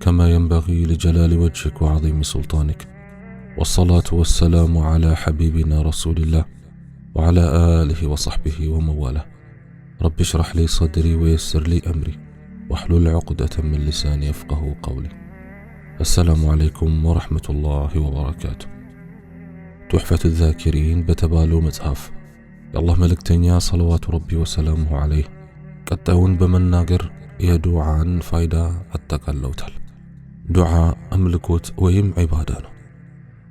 كما ينبغي لجلال وجهك وعظيم سلطانك والصلاه والسلام على حبيبنا رسول الله وعلى اله وصحبه ومواله رب اشرح لي صدري ويسر لي امري واحلل عقده من لساني يفقه قولي السلام عليكم ورحمه الله وبركاته تحفه الذاكرين بتبالو متحف يالله መልእክተኛ ሰለዋቱ ረቢ ወሰላሙሁ አለይህ ቀጣዩን በመናገር የዱዓን فايدة አጠቃለውታል دعاء أملكوت ويم عبادة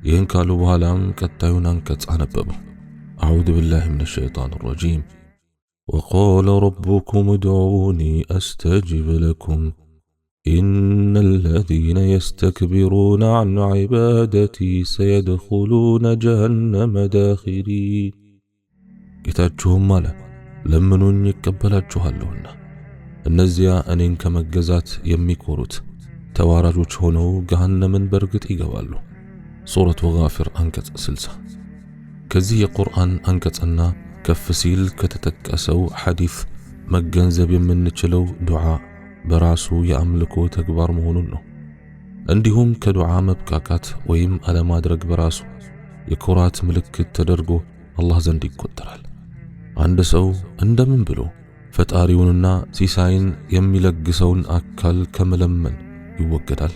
ين كالو بهالام كتايون أنكت أنببه أعوذ بالله من الشيطان الرجيم وقال ربكم ادعوني أستجب لكم إن الذين يستكبرون عن عبادتي سيدخلون جهنم داخرين كتاجهم مالا لمنون يكبلاتشوها اللون النزيا أنين كما جزات يمي كوروت ተዋራጆች ሆነው ገሃነምን በእርግጥ ይገባሉ። ሱረቱ ጋፊር አንቀጽ 60። ከዚህ የቁርአን አንቀጽና ከፍ ሲል ከተጠቀሰው ሐዲፍ መገንዘብ የምንችለው ዱዓ በራሱ የአምልኮ ተግባር መሆኑን ነው። እንዲሁም ከዱዓ መብቃቃት ወይም አለማድረግ በራሱ የኩራት ምልክት ተደርጎ አላህ ዘንድ ይቆጠራል። አንድ ሰው እንደምን ብሎ ፈጣሪውንና ሲሳይን የሚለግሰውን አካል ከመለመን ይወገዳል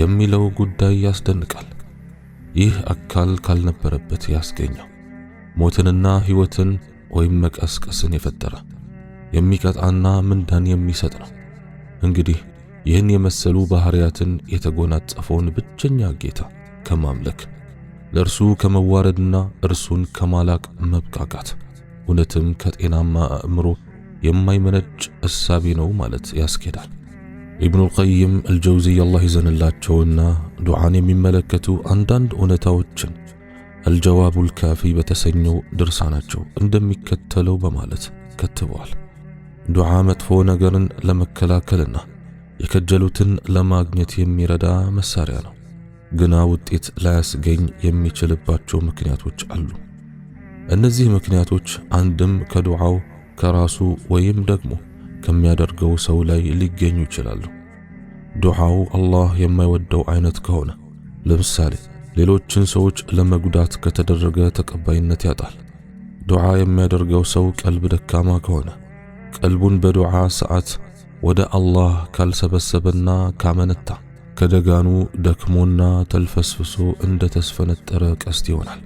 የሚለው ጉዳይ ያስደንቃል። ይህ አካል ካልነበረበት ያስገኘው ሞትንና ሕይወትን ወይም መቀስቀስን የፈጠረ የሚቀጣና ምንዳን የሚሰጥ ነው። እንግዲህ ይህን የመሰሉ ባህሪያትን የተጎናጸፈውን ብቸኛ ጌታ ከማምለክ ለእርሱ ከመዋረድና እርሱን ከማላቅ መብቃቃት እውነትም ከጤናማ አእምሮ የማይመነጭ እሳቤ ነው ማለት ያስኬዳል። ኢብኑል ቀይም አልጀውዚይ አላህ ይዘንላቸውና ዱዓን የሚመለከቱ አንዳንድ እውነታዎችን አልጀዋቡል ካፊ በተሰኘው ድርሳናቸው እንደሚከተለው በማለት ከትበዋል። ዱዓ መጥፎ ነገርን ለመከላከልና የከጀሉትን ለማግኘት የሚረዳ መሳሪያ ነው፣ ግና ውጤት ላያስገኝ የሚችልባቸው ምክንያቶች አሉ። እነዚህ ምክንያቶች አንድም ከዱዓው ከራሱ ወይም ደግሞ ከሚያደርገው ሰው ላይ ሊገኙ ይችላሉ። ዱዓው አላህ የማይወደው አይነት ከሆነ ለምሳሌ ሌሎችን ሰዎች ለመጉዳት ከተደረገ ተቀባይነት ያጣል። ዱዓ የሚያደርገው ሰው ቀልብ ደካማ ከሆነ ቀልቡን በዱዓ ሰዓት ወደ አላህ ካልሰበሰበና ካመነታ ከደጋኑ ደክሞና ተልፈስፍሶ እንደ ተስፈነጠረ ቀስት ይሆናል።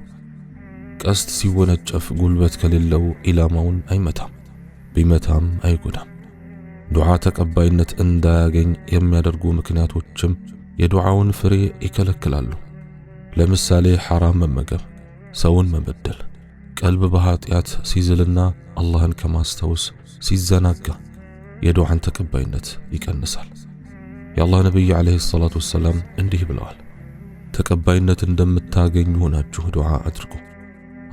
ቀስት ሲወነጨፍ ጉልበት ከሌለው ኢላማውን አይመታም፣ ቢመታም አይጎዳም። ዱዓ ተቀባይነት እንዳያገኝ የሚያደርጉ ምክንያቶችም የዱዓውን ፍሬ ይከለክላሉ። ለምሳሌ ሐራም መመገብ፣ ሰውን መበደል፣ ቀልብ በኃጢአት ሲዝልና አላህን ከማስታወስ ሲዘናጋ የዱዓን ተቀባይነት ይቀንሳል። የአላህ ነቢይ ዓለይሂ ሰላቱ ወሰላም እንዲህ ብለዋል፣ ተቀባይነት እንደምታገኙ ሆናችሁ ዱዓ አድርጉ።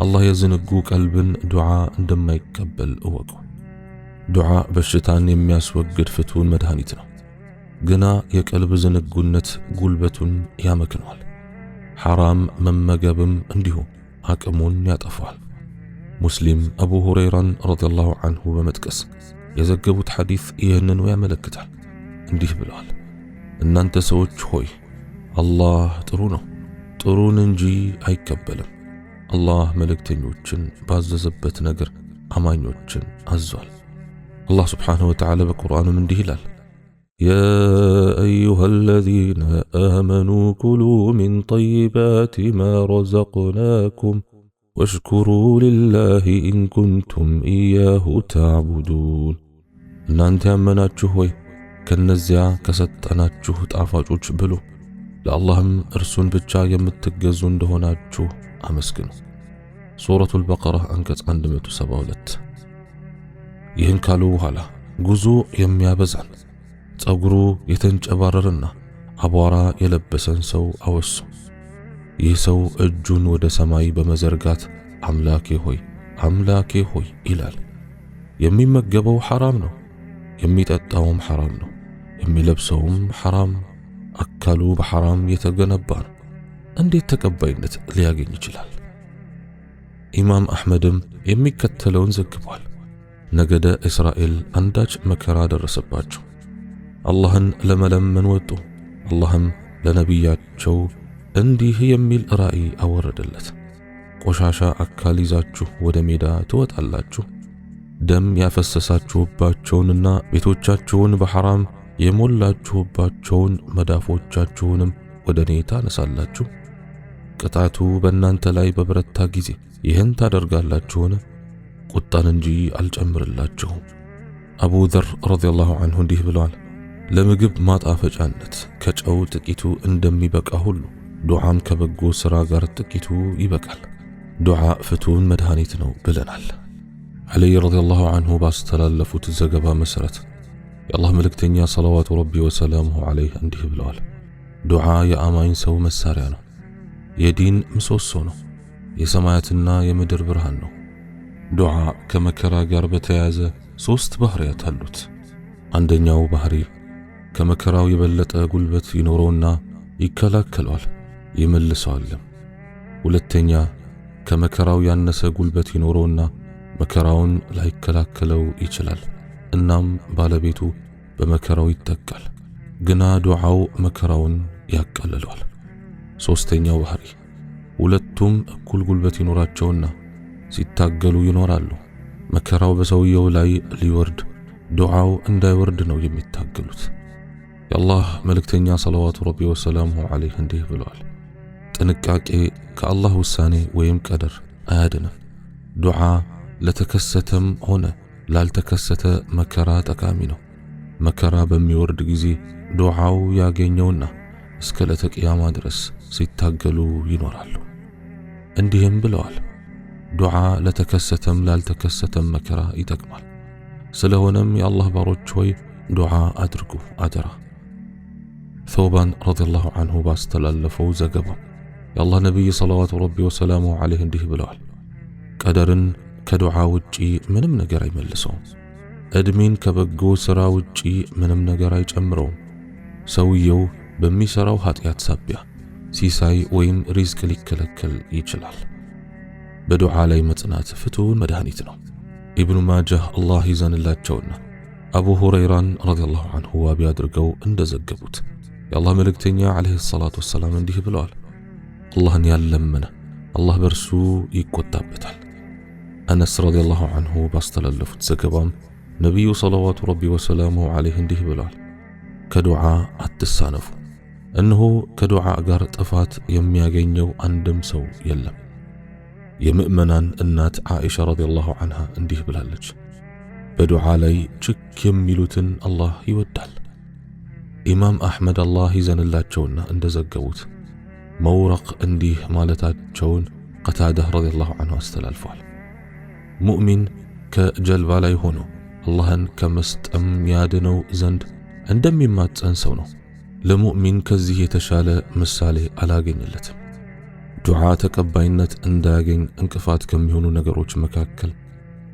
አላህ የዝንጉ ቀልብን ዱዓ እንደማይቀበል እወቁ። ዱዓ በሽታን የሚያስወግድ ፍቱን መድኃኒት ነው። ግና የቀልብ ዝንጉነት ጉልበቱን ያመክነዋል። ሐራም መመገብም እንዲሁ አቅሙን ያጠፋዋል። ሙስሊም አቡ ሁረይራን ረዲየላሁ አንሁ በመጥቀስ የዘገቡት ሐዲስ ይህንኑ ያመለክታል። እንዲህ ብለዋል፣ እናንተ ሰዎች ሆይ አላህ ጥሩ ነው፣ ጥሩን እንጂ አይቀበልም። አላህ መልእክተኞችን ባዘዘበት ነገር አማኞችን አዟል። الله سبحانه وتعالى بقرآن من دهلال يا أيها الذين آمنوا كلوا من طيبات ما رزقناكم واشكروا لله إن كنتم إياه تعبدون نانت أمنات شهوي كالنزع كست أنا شهوت أفاج أجبلو لألهم إرسون بجا يمت دهونات شو أمسكن سورة البقرة أنكت عندما تسابولت سورة البقرة ይህን ካሉ በኋላ ጉዞ የሚያበዛን ጸጉሩ የተንጨባረረና አቧራ የለበሰን ሰው አወሱ። ይህ ሰው እጁን ወደ ሰማይ በመዘርጋት አምላኬ ሆይ አምላኬ ሆይ ይላል። የሚመገበው ሐራም ነው፣ የሚጠጣውም ሐራም ነው፣ የሚለብሰውም ሐራም፣ አካሉ በሐራም የተገነባ ነው። እንዴት ተቀባይነት ሊያገኝ ይችላል? ኢማም አሕመድም የሚከተለውን ዘግቧል። ነገደ እስራኤል አንዳች መከራ ደረሰባቸው። አላህን ለመለመን ወጡ። አላህም ለነቢያቸው እንዲህ የሚል ራእይ አወረደለት። ቆሻሻ አካል ይዛችሁ ወደ ሜዳ ትወጣላችሁ። ደም ያፈሰሳችሁባቸውንና ቤቶቻችሁን በሐራም የሞላችሁባቸውን መዳፎቻችሁንም ወደ እኔ ታነሳላችሁ። ቅጣቱ በእናንተ ላይ በበረታ ጊዜ ይህን ታደርጋላችሁን? ቁጣን እንጂ አልጨምርላችሁም። አቡ ዘር ረዲየላሁ አንሁ እንዲህ ብለዋል፣ ለምግብ ማጣፈጫነት ከጨው ጥቂቱ እንደሚበቃ ሁሉ ዱዓም ከበጎ ሥራ ጋር ጥቂቱ ይበቃል። ዱዓ ፍቱን መድኃኒት ነው ብለናል። ዓሊ ረዲየላሁ አንሁ ባስተላለፉት ዘገባ መሠረት የአላህ መልእክተኛ ሰለዋቱ ረቢ ወሰላሙሁ ዓለይህ እንዲህ ብለዋል፣ ዱዓ የአማኝ ሰው መሣሪያ ነው፣ የዲን ምሰሶ ነው፣ የሰማያትና የምድር ብርሃን ነው ዱዓ ከመከራ ጋር በተያያዘ ሦስት ባህሪያት አሉት። አንደኛው ባህሪ ከመከራው የበለጠ ጉልበት ይኖረውና ይከላከለዋል ይመልሰዋልም። ሁለተኛ ከመከራው ያነሰ ጉልበት ይኖረውና መከራውን ላይከላከለው ይችላል። እናም ባለቤቱ በመከራው ይጠቃል፣ ግና ዱዓው መከራውን ያቃልለዋል። ሦስተኛው ባህሪ ሁለቱም እኩል ጉልበት ይኖራቸውና ሲታገሉ ይኖራሉ። መከራው በሰውየው ላይ ሊወርድ ዱዓው እንዳይወርድ ነው የሚታገሉት። የአላህ መልእክተኛ ሰለዋቱ ረቢ ወሰላሙሁ ዓለይህ እንዲህ ብለዋል፣ ጥንቃቄ ከአላህ ውሳኔ ወይም ቀደር አያድንም። ዱዓ ለተከሰተም ሆነ ላልተከሰተ መከራ ጠቃሚ ነው። መከራ በሚወርድ ጊዜ ዱዓው ያገኘውና እስከ ለተቅያማ ድረስ ሲታገሉ ይኖራሉ። እንዲህም ብለዋል ዱዓ ለተከሰተም ላልተከሰተም መከራ ይጠቅማል። ስለሆነም የአላህ ባሮች ሆይ ዱዓ አድርጉ አደራ። ተውባን ረዲየላሁ አንሁ ባስተላለፈው ዘገባ የአላህ ነቢይ ሰለዋቱ ረቢ ወሰላሙ ዓለይህ እንዲህ ብለዋል፣ ቀደርን ከዱዓ ውጪ ምንም ነገር አይመልሰውም። ዕድሜን ከበጎ ሥራ ውጪ ምንም ነገር አይጨምረውም። ሰውየው በሚሠራው ኀጢአት ሳቢያ ሲሳይ ወይም ሪዝቅ ሊከለከል ይችላል። በዱዓ ላይ መጽናት ፍቱን መድኃኒት ነው። ኢብኑ ማጃህ አላህ ይዘንላቸውና አቡ ሁረይራን ረዲየላሁ አንሁ ዋቢ አድርገው እንደዘገቡት የአላህ መልእክተኛ ዓለይሂ ሰላቱ ወሰላም እንዲህ ብለዋል፣ አላህን ያልለመነ አላህ በእርሱ ይቆጣበታል። አነስ ረዲየላሁ አንሁ ባስተላለፉት ዘገባም ነቢዩ ሰለዋቱ ረቢ ወሰላሙ ዓለይህ እንዲህ ብለዋል፣ ከዱዓ አትሳነፉ፣ እነሆ ከዱዓ ጋር ጥፋት የሚያገኘው አንድም ሰው የለም። የምእመናን እናት አኢሻ ረዲየላሁ ዐንሃ እንዲህ ብላለች፣ በዱዓ ላይ ችክ የሚሉትን አላህ ይወዳል። ኢማም አሕመድ አላህ ይዘንላቸውና እንደ ዘገቡት መውረቅ እንዲህ ማለታቸውን ቀታዳህ ረዲየላሁ ዐንሁ አስተላልፏል። ሙእሚን ከጀልባ ላይ ሆኖ አላህን ከመስጠም ያድነው ዘንድ እንደሚማጸን ሰው ነው። ለሙእሚን ከዚህ የተሻለ ምሳሌ አላገኘለትም። ዱዓ ተቀባይነት እንዳያገኝ እንቅፋት ከሚሆኑ ነገሮች መካከል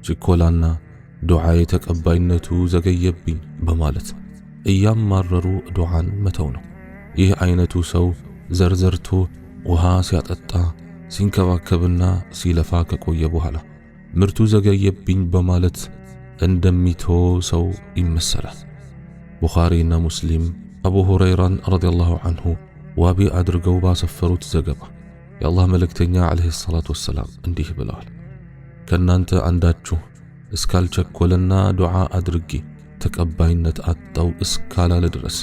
ችኮላና ዱዓዬ ተቀባይነቱ ዘገየብኝ በማለት እያማረሩ ዱዓን መተው ነው። ይህ አይነቱ ሰው ዘርዘርቶ ውሃ ሲያጠጣ ሲንከባከብና ሲለፋ ከቆየ በኋላ ምርቱ ዘገየብኝ በማለት እንደሚቶ ሰው ይመሰላል። ቡኻሪና ሙስሊም አቡ ሁረይራን ረዲያላሁ አንሁ ዋቢ አድርገው ባሰፈሩት ዘገባ የአላህ መልእክተኛ ዓለይሂ ሰላቱ ወሰላም እንዲህ ብለዋል፣ ከእናንተ አንዳችሁ እስካልቸኮለና ዱዓ አድርጌ ተቀባይነት አጣው እስካላለ ድረስ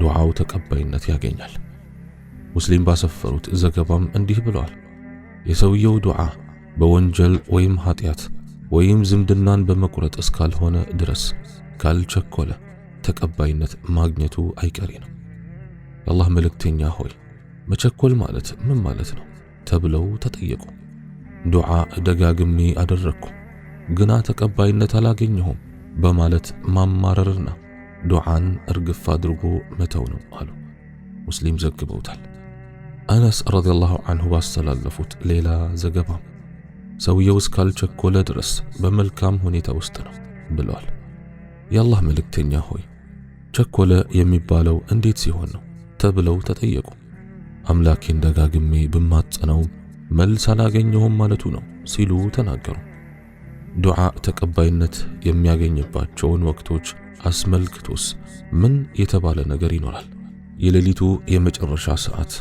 ዱዓው ተቀባይነት ያገኛል። ሙስሊም ባሰፈሩት ዘገባም እንዲህ ብለዋል፣ የሰውየው ዱዓ በወንጀል ወይም ኃጢአት ወይም ዝምድናን በመቁረጥ እስካልሆነ ድረስ ካልቸኮለ ተቀባይነት ማግኘቱ አይቀሬ ነው። የአላህ መልእክተኛ ሆይ መቸኮል ማለት ምን ማለት ነው ተብለው ተጠየቁ። ዱዓ ደጋግሜ አደረግኩ፣ ግና ተቀባይነት አላገኘሁም በማለት ማማረርና ዱዓን እርግፍ አድርጎ መተው ነው አሉ። ሙስሊም ዘግበውታል። አነስ ረዲየላሁ ዐንሁ ባስተላለፉት ሌላ ዘገባ ሰውየው እስካልቸኮለ ድረስ በመልካም ሁኔታ ውስጥ ነው ብለዋል። የአላህ መልእክተኛ ሆይ ቸኮለ የሚባለው እንዴት ሲሆን ነው ተብለው ተጠየቁ። አምላኬን ደጋግሜ ብማጸነው መልስ አላገኘሁም ማለቱ ነው ሲሉ ተናገሩ። ዱዓ ተቀባይነት የሚያገኝባቸውን ወቅቶች አስመልክቶስ ምን የተባለ ነገር ይኖራል? የሌሊቱ የመጨረሻ ሰዓት፣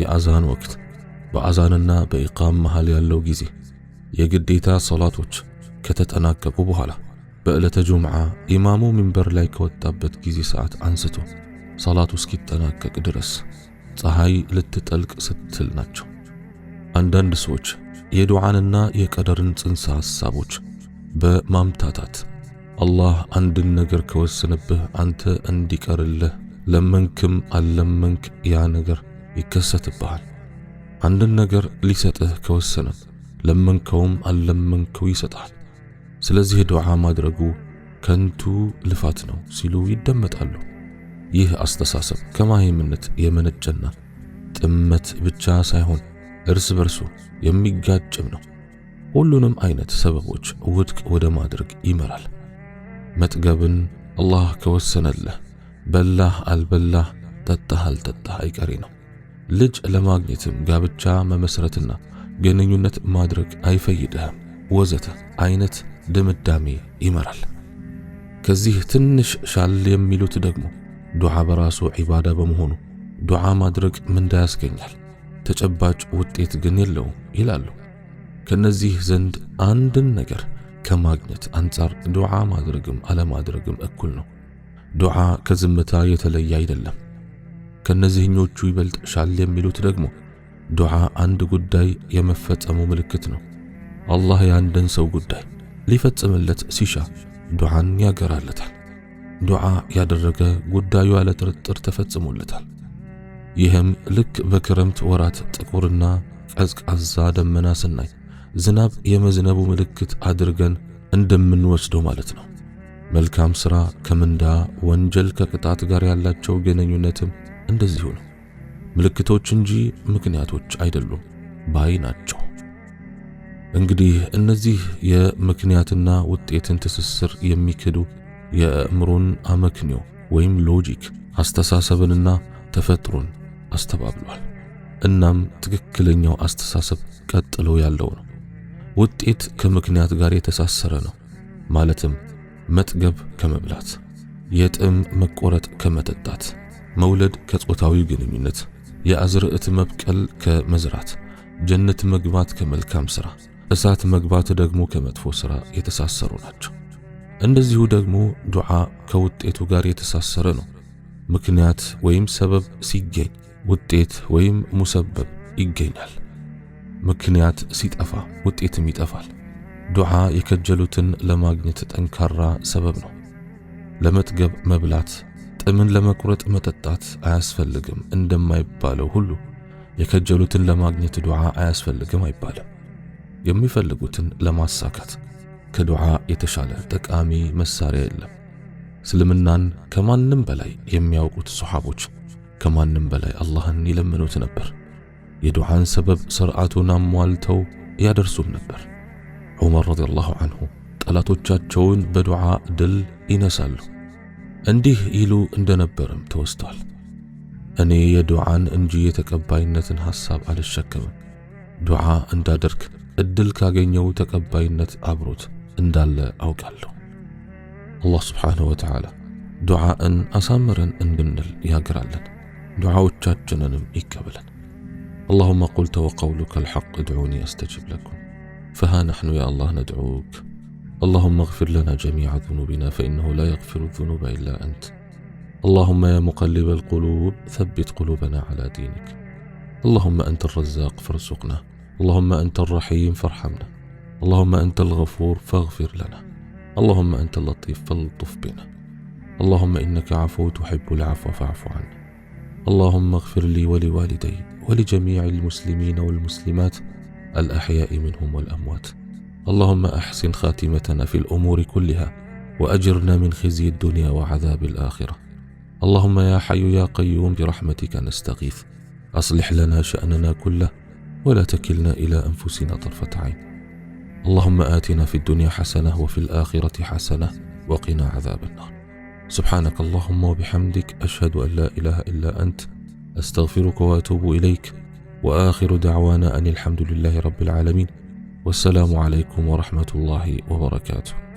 የአዛን ወቅት፣ በአዛንና በኢቃም መሃል ያለው ጊዜ፣ የግዴታ ሰላቶች ከተጠናቀቁ በኋላ በዕለተ ጁምዓ ኢማሙ ሚንበር ላይ ከወጣበት ጊዜ ሰዓት አንስቶ ሰላቱ እስኪጠናቀቅ ድረስ ፀሐይ ልትጠልቅ ስትል ናቸው። አንዳንድ ሰዎች የዱዓንና የቀደርን ጽንሰ ሐሳቦች በማምታታት አላህ አንድን ነገር ከወሰነብህ አንተ እንዲቀርልህ ለመንክም አለመንክ ያ ነገር ይከሰትብሃል። አንድን ነገር ሊሰጥህ ከወሰነም ለመንከውም አለመንከው ይሰጣል። ስለዚህ ዱዓ ማድረጉ ከንቱ ልፋት ነው ሲሉ ይደመጣሉ። ይህ አስተሳሰብ ከማይምነት የመነጨና ጥመት ብቻ ሳይሆን እርስ በርሱ የሚጋጭም ነው። ሁሉንም አይነት ሰበቦች ውድቅ ወደ ማድረግ ይመራል። መጥገብን አላህ ከወሰነለህ በላህ አልበላህ፣ ጠጣህ አልጠጣህ አይቀሬ ነው። ልጅ ለማግኘትም ጋብቻ መመስረትና ግንኙነት ማድረግ አይፈይድህም ወዘተ አይነት ድምዳሜ ይመራል። ከዚህ ትንሽ ሻል የሚሉት ደግሞ ዱዓ በራሱ ዒባዳ በመሆኑ ዱዓ ማድረግ ምንዳ ያስገኛል፣ ተጨባጭ ውጤት ግን የለውም ይላሉ። ከነዚህ ዘንድ አንድን ነገር ከማግኘት አንጻር ዱዓ ማድረግም አለማድረግም እኩል ነው። ዱዓ ከዝምታ የተለየ አይደለም። ከነዚህኞቹ ይበልጥ ሻል የሚሉት ደግሞ ዱዓ አንድ ጉዳይ የመፈጸሙ ምልክት ነው። አላህ የአንድን ሰው ጉዳይ ሊፈጽምለት ሲሻ ዱዓን ያገራለታል። ዱዓ ያደረገ ጉዳዩ ያለ ጥርጥር ተፈጽሞለታል። ይህም ልክ በክረምት ወራት ጥቁርና ቀዝቃዛ ደመና ስናይ ዝናብ የመዝነቡ ምልክት አድርገን እንደምንወስደው ማለት ነው። መልካም ሥራ ከምንዳ ወንጀል ከቅጣት ጋር ያላቸው ግንኙነትም እንደዚሁ ነው። ምልክቶች እንጂ ምክንያቶች አይደሉም ባይ ናቸው። እንግዲህ እነዚህ የምክንያትና ውጤትን ትስስር የሚክዱ የአእምሮን አመክንዮ ወይም ሎጂክ አስተሳሰብንና ተፈጥሮን አስተባብሏል። እናም ትክክለኛው አስተሳሰብ ቀጥሎ ያለው ነው። ውጤት ከምክንያት ጋር የተሳሰረ ነው። ማለትም መጥገብ ከመብላት፣ የጥም መቆረጥ ከመጠጣት፣ መውለድ ከጾታዊ ግንኙነት፣ የአዝርዕት መብቀል ከመዝራት፣ ጀነት መግባት ከመልካም ሥራ፣ እሳት መግባት ደግሞ ከመጥፎ ሥራ የተሳሰሩ ናቸው። እንደዚሁ ደግሞ ዱዓ ከውጤቱ ጋር የተሳሰረ ነው። ምክንያት ወይም ሰበብ ሲገኝ ውጤት ወይም ሙሰበብ ይገኛል። ምክንያት ሲጠፋ ውጤትም ይጠፋል። ዱዓ የከጀሉትን ለማግኘት ጠንካራ ሰበብ ነው። ለመጥገብ መብላት፣ ጥምን ለመቁረጥ መጠጣት አያስፈልግም እንደማይባለው ሁሉ የከጀሉትን ለማግኘት ዱዓ አያስፈልግም አይባልም። የሚፈልጉትን ለማሳካት ከዱዓ የተሻለ ጠቃሚ መሳሪያ የለም። እስልምናን ከማንም በላይ የሚያውቁት ሶሓቦች ከማንም በላይ አላህን ይለምኑት ነበር። የዱዓን ሰበብ ስርዓቱን አሟልተው ያደርሱም ነበር። ዑመር ረዲየላሁ አንሁ ጠላቶቻቸውን በዱዓ ድል ይነሳሉ። እንዲህ ይሉ እንደነበርም ተወስቷል። እኔ የዱዓን እንጂ የተቀባይነትን ሐሳብ አልሸከምም። ዱዓ እንዳደርግ እድል ካገኘው ተቀባይነት አብሮት او دعاء ان አላህ ان ወተዓላ ዱዓእን አሳምረን دعاء ያግራለን፣ ዱዓዎቻችንንም ይቀበለን። اللهم قلت وقولك الحق ادعوني استجب لكم فها نحن يا الله ندعوك اللهم اغفر لنا جميع ذنوبنا فإنه لا يغفر الذنوب إلا أنت اللهم يا مقلب القلوب ثبت قلوبنا على دينك اللهم أنت الرزاق فارزقنا اللهم أنت الرحيم فارحمنا اللهم أنت الغفور فاغفر لنا اللهم أنت اللطيف فالطف بنا اللهم إنك عفو تحب العفو فاعف عنا اللهم اغفر لي ولوالدي ولجميع المسلمين والمسلمات الأحياء منهم والأموات اللهم أحسن خاتمتنا في الأمور كلها وأجرنا من خزي الدنيا وعذاب الآخرة اللهم يا حي يا قيوم برحمتك نستغيث أصلح لنا شأننا كله ولا تكلنا إلى أنفسنا طرفة عين اللهم آتنا في الدنيا حسنة وفي الآخرة حسنة وقنا عذاب النار سبحانك اللهم وبحمدك أشهد أن لا إله إلا أنت أستغفرك وأتوب إليك وآخر دعوانا أن الحمد لله رب العالمين والسلام عليكم ورحمة الله وبركاته